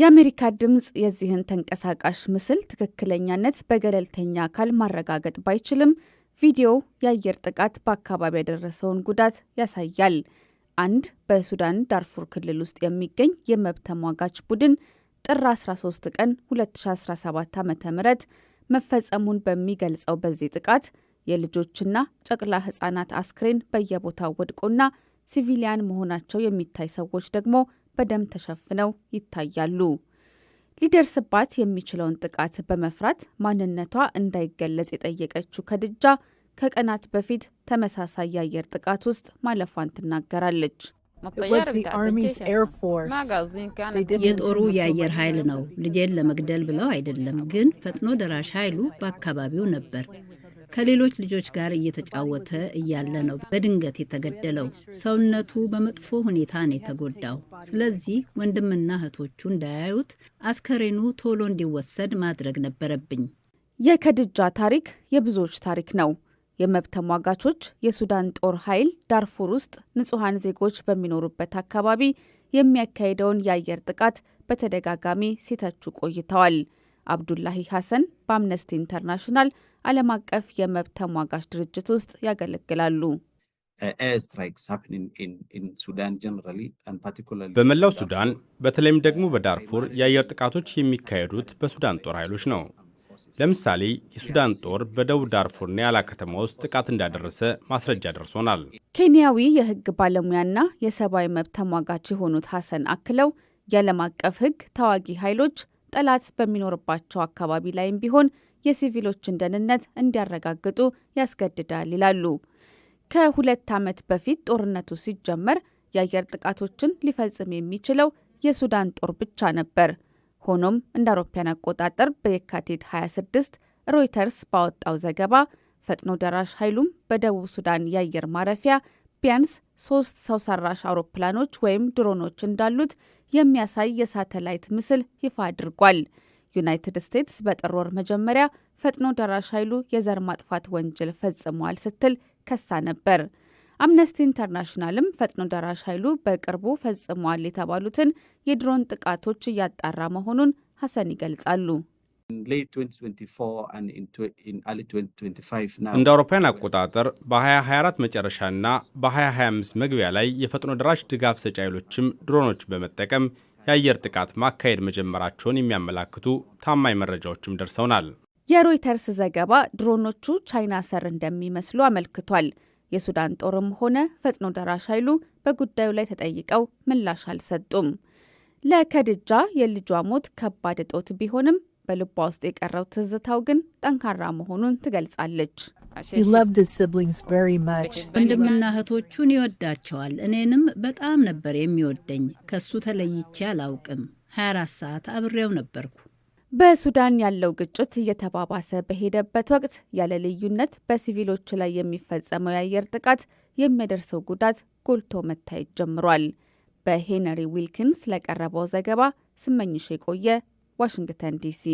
የአሜሪካ ድምፅ የዚህን ተንቀሳቃሽ ምስል ትክክለኛነት በገለልተኛ አካል ማረጋገጥ ባይችልም ቪዲዮው የአየር ጥቃት በአካባቢ ያደረሰውን ጉዳት ያሳያል። አንድ በሱዳን ዳርፉር ክልል ውስጥ የሚገኝ የመብት ተሟጋች ቡድን ጥር 13 ቀን 2017 ዓ ም መፈጸሙን በሚገልጸው በዚህ ጥቃት የልጆችና ጨቅላ ሕጻናት አስክሬን በየቦታው ወድቆና ሲቪሊያን መሆናቸው የሚታይ ሰዎች ደግሞ በደም ተሸፍነው ይታያሉ። ሊደርስባት የሚችለውን ጥቃት በመፍራት ማንነቷ እንዳይገለጽ የጠየቀችው ከድጃ ከቀናት በፊት ተመሳሳይ የአየር ጥቃት ውስጥ ማለፏን ትናገራለች። የጦሩ የአየር ኃይል ነው። ልጄን ለመግደል ብለው አይደለም፣ ግን ፈጥኖ ደራሽ ኃይሉ በአካባቢው ነበር። ከሌሎች ልጆች ጋር እየተጫወተ እያለ ነው በድንገት የተገደለው። ሰውነቱ በመጥፎ ሁኔታ ነው የተጎዳው። ስለዚህ ወንድምና እህቶቹ እንዳያዩት አስከሬኑ ቶሎ እንዲወሰድ ማድረግ ነበረብኝ። የከድጃ ታሪክ የብዙዎች ታሪክ ነው። የመብት ተሟጋቾች የሱዳን ጦር ኃይል ዳርፉር ውስጥ ንጹሐን ዜጎች በሚኖሩበት አካባቢ የሚያካሂደውን የአየር ጥቃት በተደጋጋሚ ሲተቹ ቆይተዋል። አብዱላሂ ሐሰን በአምነስቲ ኢንተርናሽናል ዓለም አቀፍ የመብት ተሟጋች ድርጅት ውስጥ ያገለግላሉ። በመላው ሱዳን በተለይም ደግሞ በዳርፉር የአየር ጥቃቶች የሚካሄዱት በሱዳን ጦር ኃይሎች ነው። ለምሳሌ የሱዳን ጦር በደቡብ ዳርፉር ኒያላ ከተማ ውስጥ ጥቃት እንዳደረሰ ማስረጃ ደርሶናል። ኬንያዊ የሕግ ባለሙያና የሰብአዊ መብት ተሟጋች የሆኑት ሐሰን አክለው የዓለም አቀፍ ሕግ ተዋጊ ኃይሎች ጠላት በሚኖርባቸው አካባቢ ላይም ቢሆን የሲቪሎችን ደህንነት እንዲያረጋግጡ ያስገድዳል ይላሉ። ከሁለት ዓመት በፊት ጦርነቱ ሲጀመር የአየር ጥቃቶችን ሊፈጽም የሚችለው የሱዳን ጦር ብቻ ነበር። ሆኖም እንደ አውሮፓውያን አቆጣጠር በየካቲት 26 ሮይተርስ ባወጣው ዘገባ ፈጥኖ ደራሽ ኃይሉም በደቡብ ሱዳን የአየር ማረፊያ ቢያንስ ሶስት ሰው ሰራሽ አውሮፕላኖች ወይም ድሮኖች እንዳሉት የሚያሳይ የሳተላይት ምስል ይፋ አድርጓል። ዩናይትድ ስቴትስ በጥር ወር መጀመሪያ ፈጥኖ ደራሽ ኃይሉ የዘር ማጥፋት ወንጀል ፈጽሟል ስትል ከሳ ነበር። አምነስቲ ኢንተርናሽናልም ፈጥኖ ደራሽ ኃይሉ በቅርቡ ፈጽሟል የተባሉትን የድሮን ጥቃቶች እያጣራ መሆኑን ሀሰን ይገልጻሉ። እንደ አውሮፓውያን አቆጣጠር በ2024 መጨረሻና በ2025 መግቢያ ላይ የፈጥኖ ደራሽ ድጋፍ ሰጪ ኃይሎችም ድሮኖች በመጠቀም የአየር ጥቃት ማካሄድ መጀመራቸውን የሚያመላክቱ ታማኝ መረጃዎችም ደርሰውናል። የሮይተርስ ዘገባ ድሮኖቹ ቻይና ሰር እንደሚመስሉ አመልክቷል። የሱዳን ጦርም ሆነ ፈጥኖ ደራሽ ኃይሉ በጉዳዩ ላይ ተጠይቀው ምላሽ አልሰጡም። ለከድጃ የልጇ ሞት ከባድ እጦት ቢሆንም በልቧ ውስጥ የቀረው ትዝታው ግን ጠንካራ መሆኑን ትገልጻለች። ወንድምና እህቶቹን ይወዳቸዋል። እኔንም በጣም ነበር የሚወደኝ። ከሱ ተለይቼ አላውቅም። 24 ሰዓት አብሬው ነበርኩ። በሱዳን ያለው ግጭት እየተባባሰ በሄደበት ወቅት ያለ ልዩነት በሲቪሎች ላይ የሚፈጸመው የአየር ጥቃት የሚያደርሰው ጉዳት ጎልቶ መታየት ጀምሯል። በሄነሪ ዊልኪንስ ለቀረበው ዘገባ ስመኝሽ የቆየ ዋሽንግተን ዲሲ